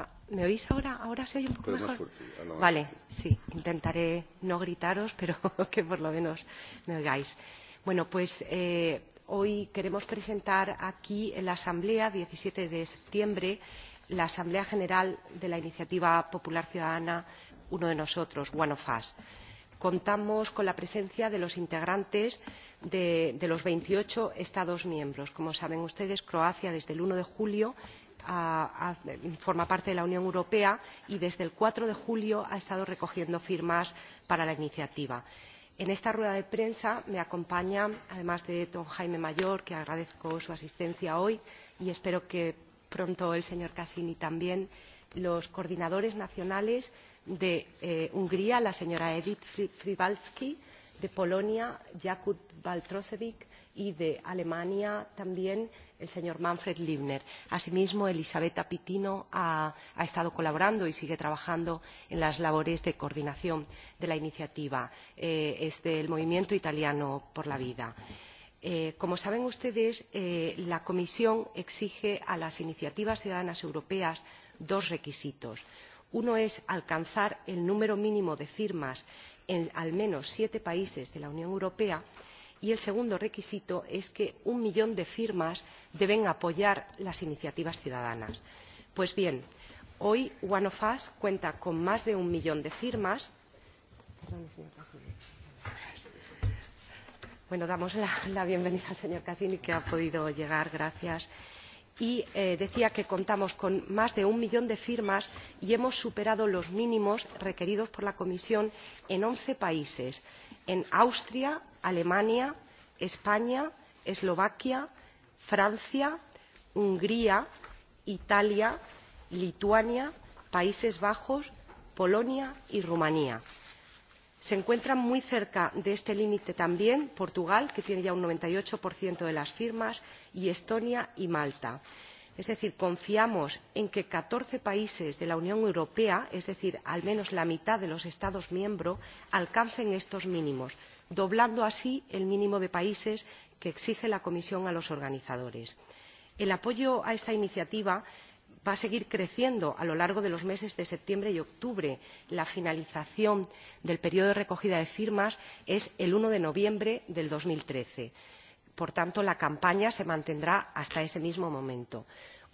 está. ¿Me oís ahora? ¿Ahora se oye un poco pero mejor? Fuerte, vale, sí, intentaré no gritaros, pero que por lo menos me oigáis. Bueno, pues eh, hoy queremos presentar aquí en la Asamblea, 17 de septiembre, la Asamblea General de la Iniciativa Popular Ciudadana, uno de nosotros, One of Us contamos con la presencia de los integrantes de, de los veintiocho estados miembros como saben ustedes croacia desde el uno de julio a, a, forma parte de la unión europea y desde el cuatro de julio ha estado recogiendo firmas para la iniciativa. en esta rueda de prensa me acompaña además de don jaime mayor a quien agradezco su asistencia hoy y espero que pronto el señor casini también los coordinadores nacionales de eh, hungría la señora edit Fribalski, de polonia jakub baltrosevich y de Alemania también el señor Manfred Liebner. Asimismo, Elisabetta Pitino ha, ha estado colaborando y sigue trabajando en las labores de coordinación de la iniciativa. Eh, es del Movimiento Italiano por la Vida. Eh, como saben ustedes, eh, la Comisión exige a las iniciativas ciudadanas europeas dos requisitos. Uno es alcanzar el número mínimo de firmas en al menos siete países de la Unión Europea y y el segundo requisito es que un millón de firmas deben apoyar las iniciativas ciudadanas. pues bien hoy one of us cuenta con más de un millón de firmas señor bueno damos la, la bienvenida al señor casini que ha podido llegar gracias a y eh, decía que contamos con más de un millón de firmas y hemos superado los mínimos requeridos por la comisión en once países en austria alemania españa eslovaquia francia hungría italia lituania países bajos polonia y rumanía se encuentra muy cerca de este límite también portugal que tiene ya un noventa y ocho de las firmas y estonia y malta. es decir confiamos en que catorce países de la unión europea es decir al menos la mitad de los estados miembros alcancen estos mínimos doblando así el mínimo de países que exige la comisión a los organizadores. el apoyo a esta iniciativa es va a seguir creciendo a lo largo de los meses de septiembre y octubre la finalización del periodo de recogida de firmas es el uno de noviembre de dos mil trece por tanto la campaña se mantendrá hasta ese mismo momento.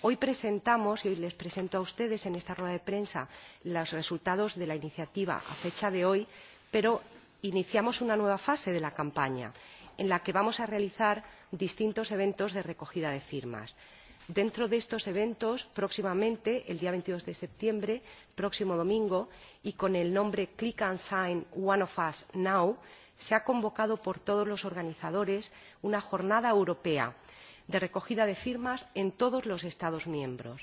hoy presentamos y hoy les presento a ustedes en esta rueda de prensa los resultados de la iniciativa a fecha de hoy pero iniciamos una nueva fase de la campaña en la que vamos a realizar distintos eventos de recogida de firmas dentro de estos eventos próximamente el día veintidós de septiembre próximo domingo y con el nombre click and sign one of us now se ha convocado por todos los organizadores una jornada europea de recogida de firmas en todos los estados miembros.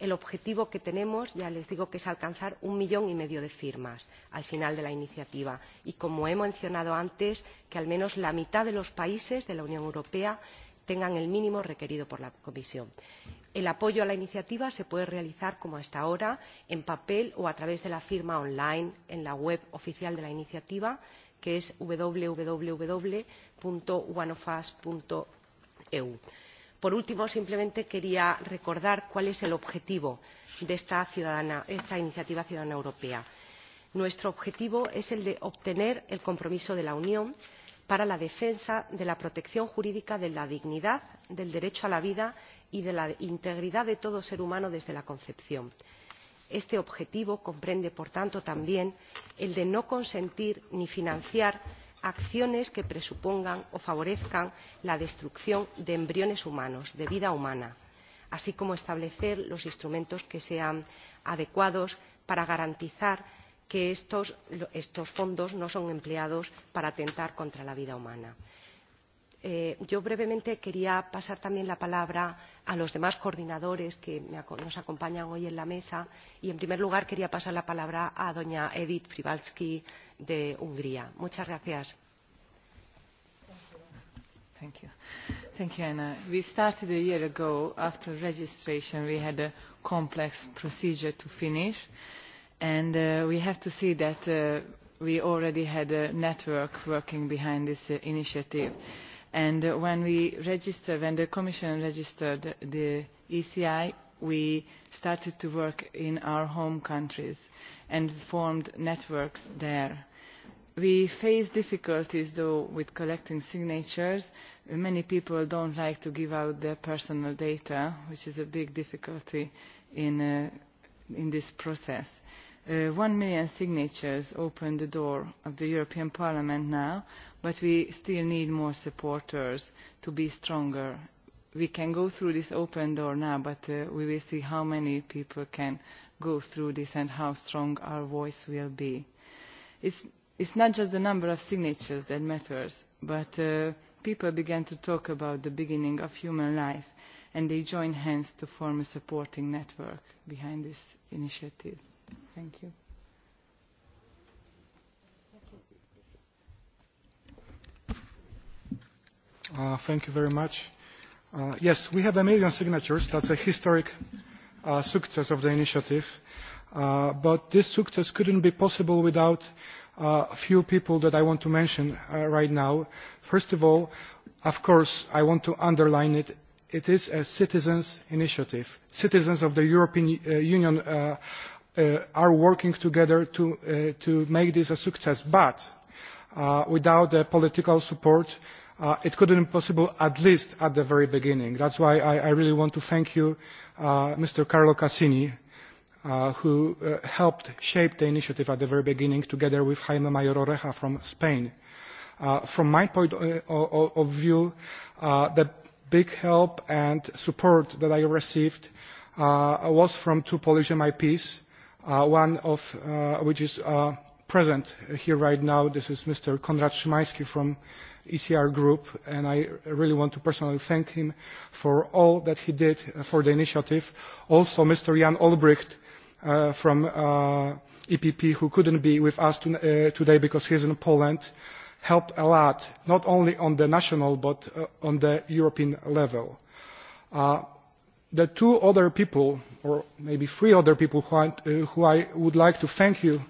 el objetivo que tenemos ya les digo que es alcanzar un millón y medio de firmas al final de la iniciativa y como he mencionado antes que al menos la mitad de los países de la unión europea tengan el mínimo requerido por la comisión. el apoyo a la iniciativa se puede realizar como hasta ahora en papel o a través de la firma on line en la web oficial de la iniciativa que es www.oneofus.eu. por último simplemente quería recordar cuál es el objetivo de esta, ciudadana, esta iniciativa ciudadana europea. nuestro objetivo es el de obtener el compromiso de la unión para la defensa de la protección jurídica de la dignidad del derecho a la vida y de la integridad de todo ser humano desde la concepción. este objetivo comprende por tanto también el de no consentir ni financiar acciones que presupongan o favorezcan la destrucción de embriones humanos de vida humana así como establecer los instrumentos que sean adecuados para garantizar que estos, fondos no son empleados para atentar contra la vida humana. Eh, yo brevemente quería pasar también la palabra a los demás coordinadores que me, nos acompañan hoy en la mesa y en primer lugar quería pasar la palabra a doña Edith Fribalski de Hungría. Muchas gracias. Thank you. Thank you, Anna. We started a year ago after registration. We had a complex procedure to finish and uh, we have to see that uh, we already had a network working behind this uh, initiative and when we registered when the commission registered the eci we started to work in our home countries and formed networks there. we face difficulties though with collecting signatures many people do not like to give out their personal data which is a big difficulty in in this process. Uh, one million signatures open the door of the European Parliament now, but we still need more supporters to be stronger. We can go through this open door now, but uh, we will see how many people can go through this and how strong our voice will be. It's, it's not just the number of signatures that matters, but uh, people began to talk about the beginning of human life and they join hands to form a supporting network behind this initiative. Thank you. Uh, thank you very much. Uh, yes, we had a million signatures. That's a historic uh, success of the initiative. Uh, but this success couldn't be possible without uh, a uh, few people that I want to mention uh, right now. First of all, of course, I want to underline it, it is a citizens' initiative. Citizens of the European uh, Union uh, uh, are working together to, make this a success, but without the political support, it could not be possible at least at the very beginning. That's why I, really want to thank you, Mr. Carlo Cassini, who helped shape the initiative at the very beginning together with Jaime Mayor Oreja from Spain. from my point of, view, the big help and support that I received uh, was from two Polish MIPs, uh, one of uh, which is uh, present here right now. This is Mr. Konrad Szymański from ECR Group, and I really want to personally thank him for all that he did uh, for the initiative. Also, Mr. Jan Olbricht uh, from uh, EPP, who couldn't be with us to, uh, today because he's in Poland. Uh, helped a lot, not only on the national but uh, on the European level. Uh, the two other people, or maybe three other people who I, uh, who I would like to thank you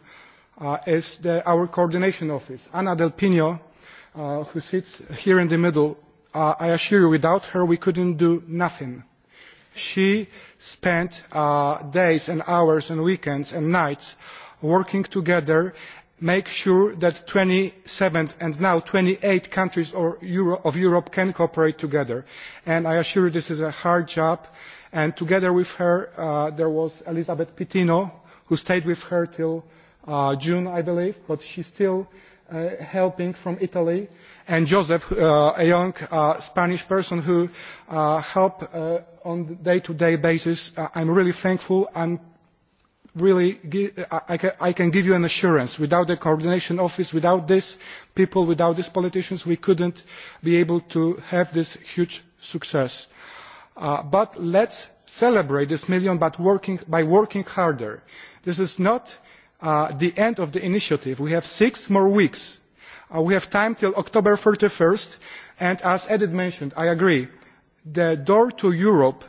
uh, is the, our coordination office, Ana Del Pino, uh, who sits here in the middle. Uh, I assure you, without her, we couldn't do nothing. She spent uh, days and hours and weekends and nights working together make sure that twenty seven and now twenty eight countries of europe can cooperate together and i assure you this is a hard job and together with her uh, there was elisabeth pitino who stayed with her till uh, june i believe but she's still uh, helping from italy and joseph a young spanish person who helped on a day to day basis. i am really thankful really I can give you an assurance without the coordination office without these people without these politicians we could not be able to have this huge success. Uh, but let us celebrate this million by working, by working harder. this is not uh, the end of the initiative. we have six more weeks. Uh, we have time until october thirty one and as edit mentioned i agree the door to europe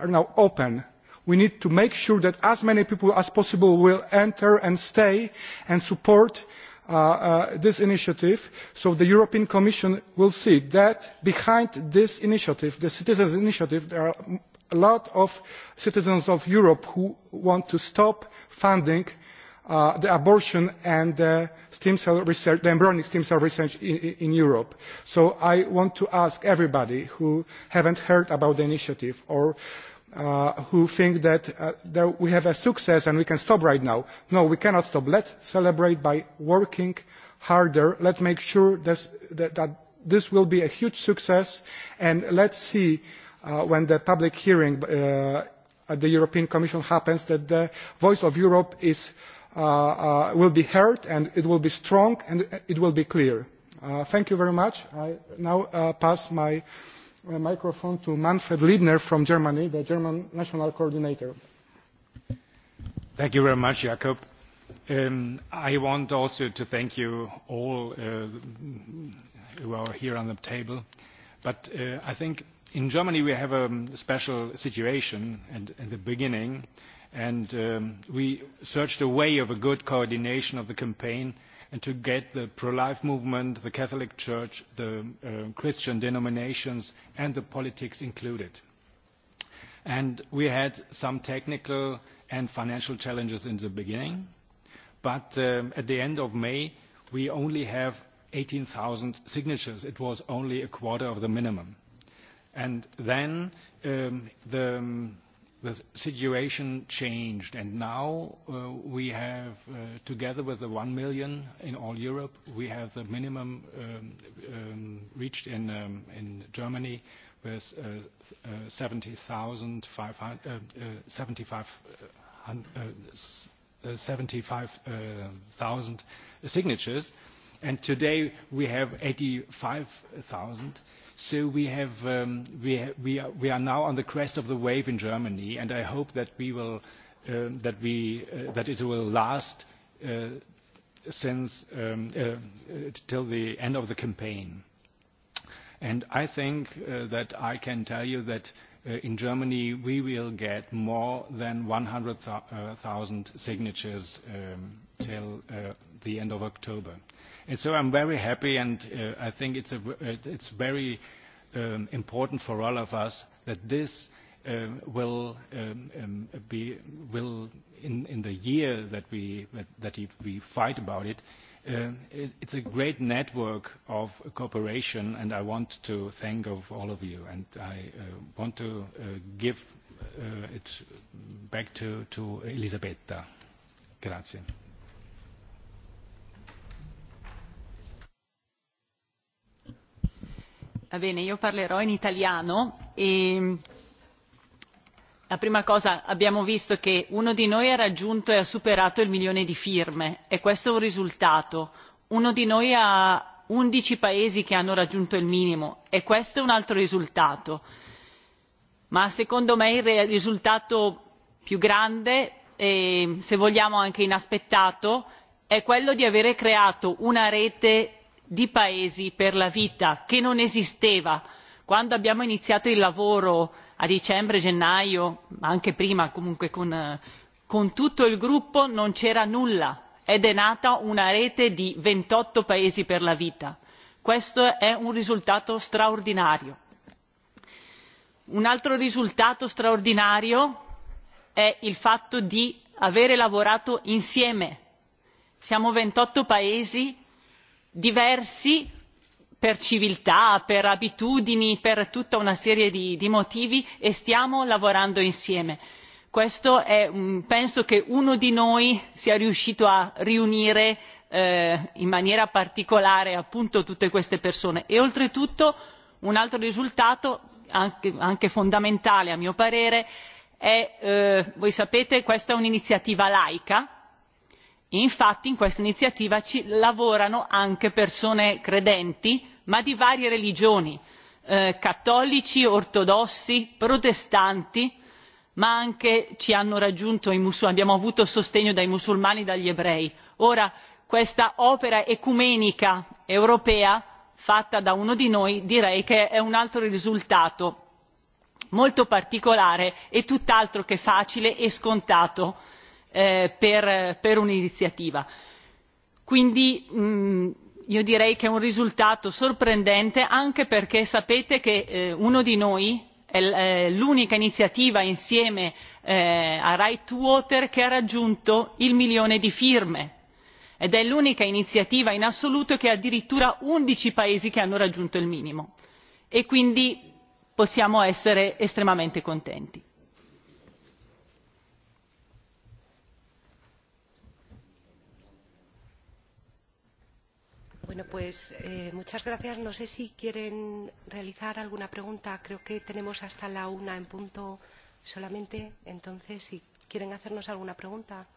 is now open we need to make sure that as many people as possible will enter and stay and support uh, uh, this initiative so the european commission will see that behind this initiative the citizens' initiative there are a lot of citizens of europe who want to stop funding uh, the abortion and stem cell research, embryonic stem cell research in, Europe. So I want to ask everybody who haven't heard about the initiative or Uh, who think that, uh, we have a success and we can stop right now. No, we cannot stop. Let's celebrate by working harder. Let's make sure this, that, that this will be a huge success. And let's see uh, when the public hearing uh, at the European Commission happens that the voice of Europe is, uh, uh, will be heard and it will be strong and it will be clear. Uh, thank you very much. I now uh, pass my a microphone to Manfred Liebner from Germany, the German national coordinator. Thank you very much, Jakob. Um, I want also to thank you all uh, who are here on the table. But uh, I think in Germany we have a um, special situation at, at the beginning, and um, we searched a way of a good coordination of the campaign uh, and to get the pro-life movement, the Catholic Church, the uh, Christian denominations and the politics included. And we had some technical and financial challenges in the beginning, but um, at the end of May we only have 18,000 signatures. It was only a quarter of the minimum. And then um, the um, the situation changed, and now uh, we have, uh, together with the 1 million in all Europe, we have the minimum um, um, reached in, um, in Germany with uh, uh, 75,000 uh, uh, 75, uh, uh, uh, uh signatures, and today we have 85,000. So we, have, um, we, we, are, we are now on the crest of the wave in Germany, and I hope that, we will, uh, that, we, uh, that it will last uh, since, um, uh, uh, till the end of the campaign. And I think uh, that I can tell you that Uh, in Germany, we will get more than 100,000 signatures um, till uh, the end of October. And so I'm very happy, and uh, I think it's, a, it's very um, important for all of us that this uh, will, um, um, be, will in, in the year that we, that we fight about it, uh, it's a great network of cooperation, and I want to thank of all of you. And I uh, want to uh, give uh, it back to, to Elisabetta. Grazie. Va bene, io parlerò in italiano e ehm, la prima cosa abbiamo visto che uno di noi ha raggiunto e ha superato il milione di firme e questo è un risultato uno di noi ha undici paesi che hanno raggiunto il minimo e questo è un altro risultato ma secondo me il risultato più grande e se vogliamo anche inaspettato è quello di avere creato una rete di paesi per la vita che non esisteva quando abbiamo iniziato il lavoro a dicembre gennaio ma anche prima comunque con, con tutto il gruppo non c'era nulla ed è nata una rete di ventotto paesi per la vita questo è un risultato straordinario. un altro risultato straordinario è il fatto di avere lavorato insieme siamo ventotto paesi diversi per civiltà per abitudini per tutta una serie di, di motivi e stiamo lavorando insieme. questo è penso che uno di noi sia riuscito a riunire eh, in maniera particolare appunto tutte queste persone e oltretutto un altro risultato anche, anche fondamentale a mio parere è eh, voi sapete questa è un'iniziativa laica infatti in questa iniziativa ci lavorano anche persone credenti ma di varie religioni eh, cattolici ortodossi protestanti ma anche ci hanno raggiunto i musulmani abbiamo avuto sostegno dai musulmani e dagli ebrei. ora questa opera ecumenica europea fatta da uno di noi direi che è un altro risultato molto particolare e tutt'altro che facile e scontato eh, per, per un'iniziativa. Quindi mh, mm, io direi che è un risultato sorprendente anche perché sapete che eh, uno di noi è l'unica iniziativa insieme eh, a Right to Water che ha raggiunto il milione di firme ed è l'unica iniziativa in assoluto che ha addirittura 11 paesi che hanno raggiunto il minimo e quindi possiamo essere estremamente contenti. Bueno, pues eh, muchas gracias. No sé si quieren realizar alguna pregunta. Creo que tenemos hasta la una en punto solamente. Entonces, si quieren hacernos alguna pregunta.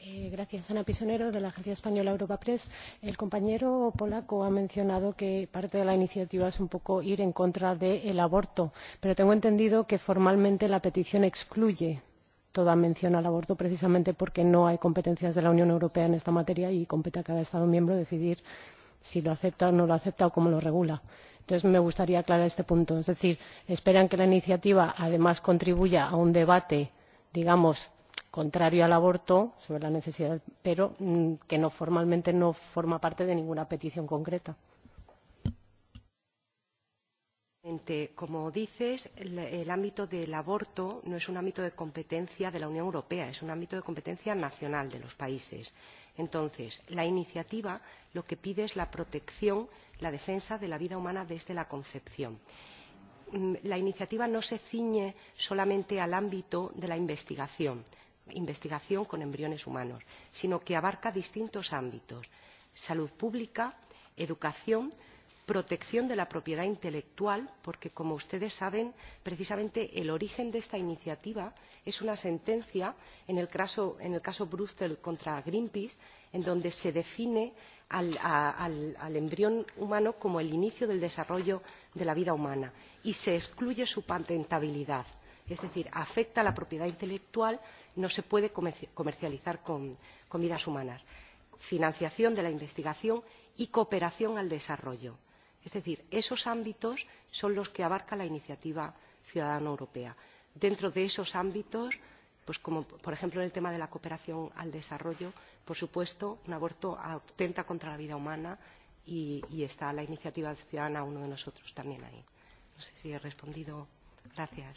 Eh, gracias. Ana Pisonero, de la Agencia Española Europa Press. El compañero polaco ha mencionado que parte de la iniciativa es un poco ir en contra del de aborto, pero tengo entendido que formalmente la petición excluye toda mención al aborto precisamente porque no hay competencias de la unión europea en esta materia y compete a cada estado miembro decidir si lo acepta o no lo acepta o cómo lo regula. entonces me gustaría aclarar este punto es decir esperan que la iniciativa además contribuya a un debate digamos contrario al aborto sobre la necesidad pero mm, que formalmente no forma parte de ninguna petición concreta. Como dices, el ámbito del aborto no es un ámbito de competencia de la Unión Europea, es un ámbito de competencia nacional de los países. Entonces, la iniciativa lo que pide es la protección, la defensa de la vida humana desde la concepción. Mm, la iniciativa no se ciñe solamente al ámbito de la investigación, investigación con embriones humanos, sino que abarca distintos ámbitos salud pública, educación, protección de la propiedad intelectual porque como ustedes saben precisamente el origen de esta iniciativa es una sentencia en el caso, en el caso contra greenpeace en donde se define al, a, al, al embrión humano como el inicio del desarrollo de la vida humana y se excluye su patentabilidad es decir afecta a la propiedad intelectual no se puede comercializar con, con vidas humanas financiación de la investigación y cooperación al desarrollo es decir esos ámbitos son los que abarca la iniciativa ciudadana europea. dentro de esos ámbitos pues como por ejemplo en el tema de la cooperación al desarrollo por supuesto un aborto atenta contra la vida humana y, y está la iniciativa ciudadana uno de nosotros también ahí. no sé si he respondido. gracias.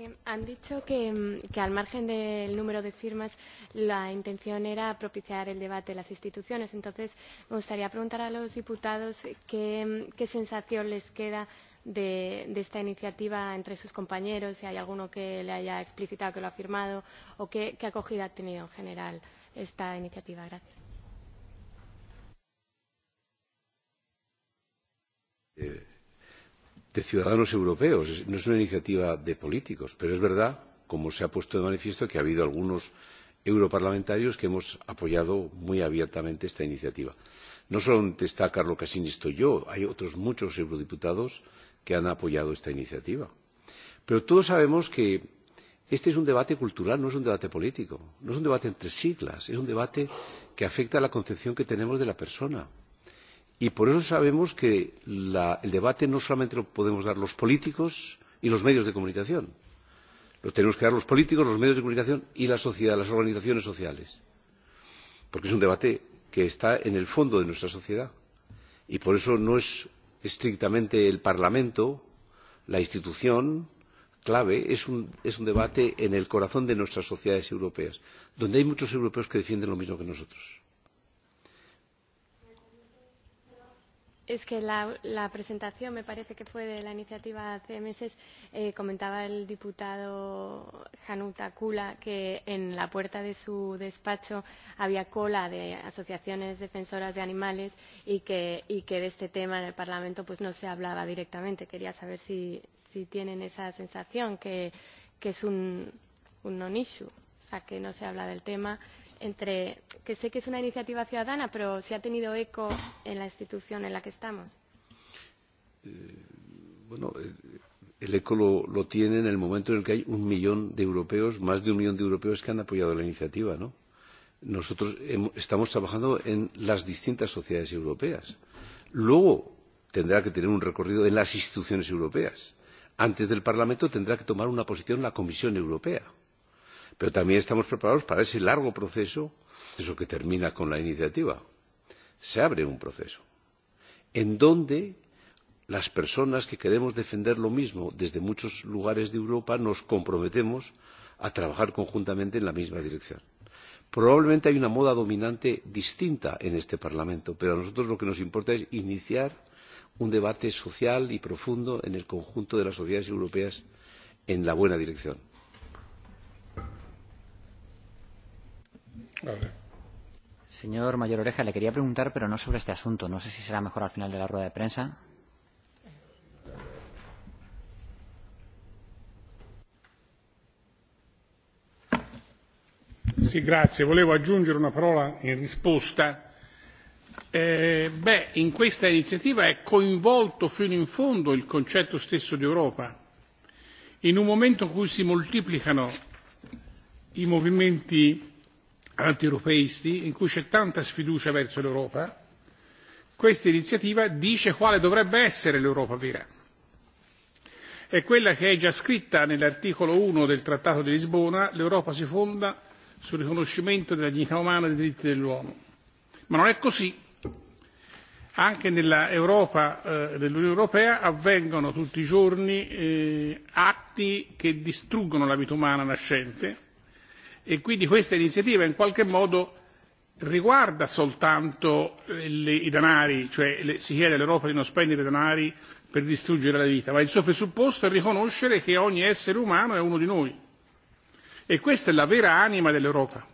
Eh, han dicho que, mm, que, al margen del número de firmas, la intención era propiciar el debate de las instituciones. Entonces, me gustaría preguntar a los diputados qué, mm, qué sensación les queda de, de esta iniciativa entre sus compañeros, si hay alguno que le haya explicitado que lo ha firmado o qué, qué acogida ha tenido en general esta iniciativa. Gracias. Eh de ciudadanos europeos, no es una iniciativa de políticos, pero es verdad, como se ha puesto de manifiesto, que ha habido algunos europarlamentarios que hemos apoyado muy abiertamente esta iniciativa. No solamente está Carlo Casini, estoy yo, hay otros muchos eurodiputados que han apoyado esta iniciativa. Pero todos sabemos que este es un debate cultural, no es un debate político, no es un debate entre siglas, es un debate que afecta a la concepción que tenemos de la persona Y por eso sabemos que la, el debate no solamente lo podemos dar los políticos y los medios de comunicación. Lo tenemos que dar los políticos, los medios de comunicación y la sociedad, las organizaciones sociales. Porque es un debate que está en el fondo de nuestra sociedad. Y por eso no es estrictamente el Parlamento, la institución clave, es un, es un debate en el corazón de nuestras sociedades europeas, donde hay muchos europeos que defienden lo mismo que nosotros es que la, la presentación me parece que fue de la iniciativa hace meses eh, comentaba el diputado Hanut Akula que en la puerta de su despacho había cola de asociaciones defensoras de animales y que, y que de este tema en el Parlamento pues no se hablaba directamente. Quería saber si, si tienen esa sensación que, que es un, un non-issue, o sea, que no se habla del tema entre que sé que es una iniciativa ciudadana, pero si ha tenido eco en la institución en la que estamos. Eh, bueno, el, eh, el eco lo, lo tiene en el momento en el que hay un millón de europeos, más de un millón de europeos que han apoyado la iniciativa, ¿no? Nosotros estamos trabajando en las distintas sociedades europeas. Luego tendrá que tener un recorrido en las instituciones europeas. Antes del Parlamento tendrá que tomar una posición la Comisión Europea Pero también estamos preparados para ese largo proceso, eso que termina con la iniciativa. Se abre un proceso en donde las personas que queremos defender lo mismo desde muchos lugares de Europa nos comprometemos a trabajar conjuntamente en la misma dirección. Probablemente hay una moda dominante distinta en este Parlamento, pero a nosotros lo que nos importa es iniciar un debate social y profundo en el conjunto de las sociedades europeas en la buena dirección. Señor Mayor Oreja, le quería preguntar, pero no sobre este asunto. No sé si será mejor al final de la rueda de prensa. Sì, grazie. Volevo aggiungere una parola in risposta. Eh, beh, in questa iniziativa è coinvolto fino in fondo il concetto stesso di Europa. In un momento in cui si moltiplicano i movimenti antieuropeisti in cui c'è tanta sfiducia verso l'Europa, questa iniziativa dice quale dovrebbe essere l'Europa vera. È quella che è già scritta nell'articolo 1 del Trattato di Lisbona, l'Europa si fonda sul riconoscimento della dignità umana e dei diritti dell'uomo. Ma non è così. Anche nell'Europa, eh, nell'Unione Europea avvengono tutti i giorni eh, atti che distruggono la vita umana nascente, e quindi questa iniziativa in qualche modo riguarda soltanto eh, i denari, cioè si chiede all'Europa di non spendere denari per distruggere la vita, ma il suo presupposto è riconoscere che ogni essere umano è uno di noi. E questa è la vera anima dell'Europa.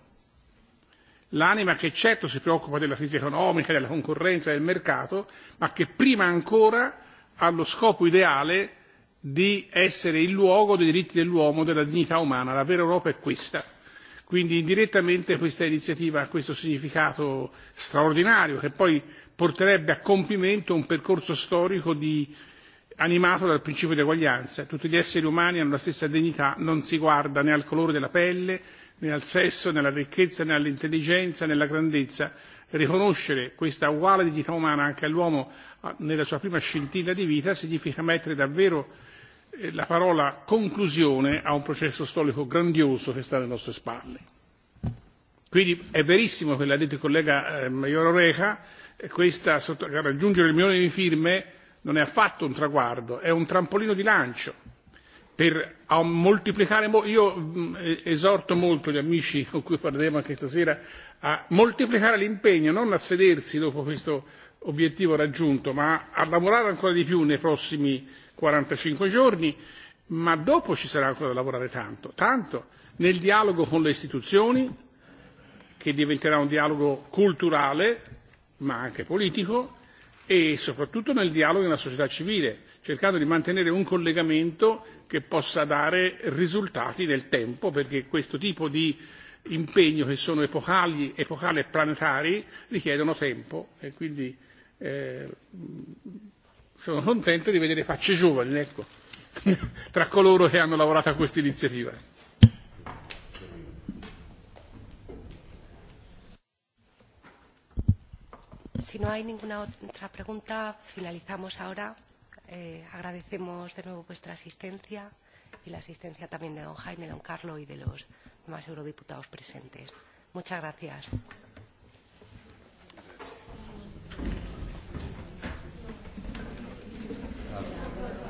L'anima che certo si preoccupa della crisi economica, della concorrenza, del mercato, ma che prima ancora ha lo scopo ideale di essere il luogo dei diritti dell'uomo, della dignità umana. La vera Europa è questa Quindi indirettamente questa iniziativa ha questo significato straordinario che poi porterebbe a compimento un percorso storico di, animato dal principio di eguaglianza. Tutti gli esseri umani hanno la stessa dignità, non si guarda né al colore della pelle, né al sesso, né alla ricchezza, né all'intelligenza, né alla grandezza. Riconoscere questa uguale dignità umana anche all'uomo ah, nella sua prima scintilla di vita significa mettere davvero la parola conclusione a un processo storico grandioso che sta alle nostre spalle. Quindi è verissimo quello che ha detto il collega eh, Maior Oreja, eh, questa, raggiungere il milione di firme non è affatto un traguardo, è un trampolino di lancio per a moltiplicare. Io mm, esorto molto gli amici con cui parleremo anche stasera a moltiplicare l'impegno, non a sedersi dopo questo obiettivo raggiunto, ma a lavorare ancora di più nei prossimi 45 giorni, ma dopo ci sarà ancora da lavorare tanto, tanto nel dialogo con le istituzioni, che diventerà un dialogo culturale, ma anche politico, e soprattutto nel dialogo nella società civile, cercando di mantenere un collegamento che possa dare risultati nel tempo, perché questo tipo di impegno che sono epocali, epocali e planetari richiedono tempo e quindi eh, sono contento di vedere facce giovani ecco, tra coloro che hanno lavorato a questa iniziativa. Si no hay ninguna otra pregunta, finalizamos ahora. Eh, agradecemos de nuevo vuestra asistencia y la asistencia también de don Jaime, don Carlos y de los demás eurodiputados presentes. Muchas gracias.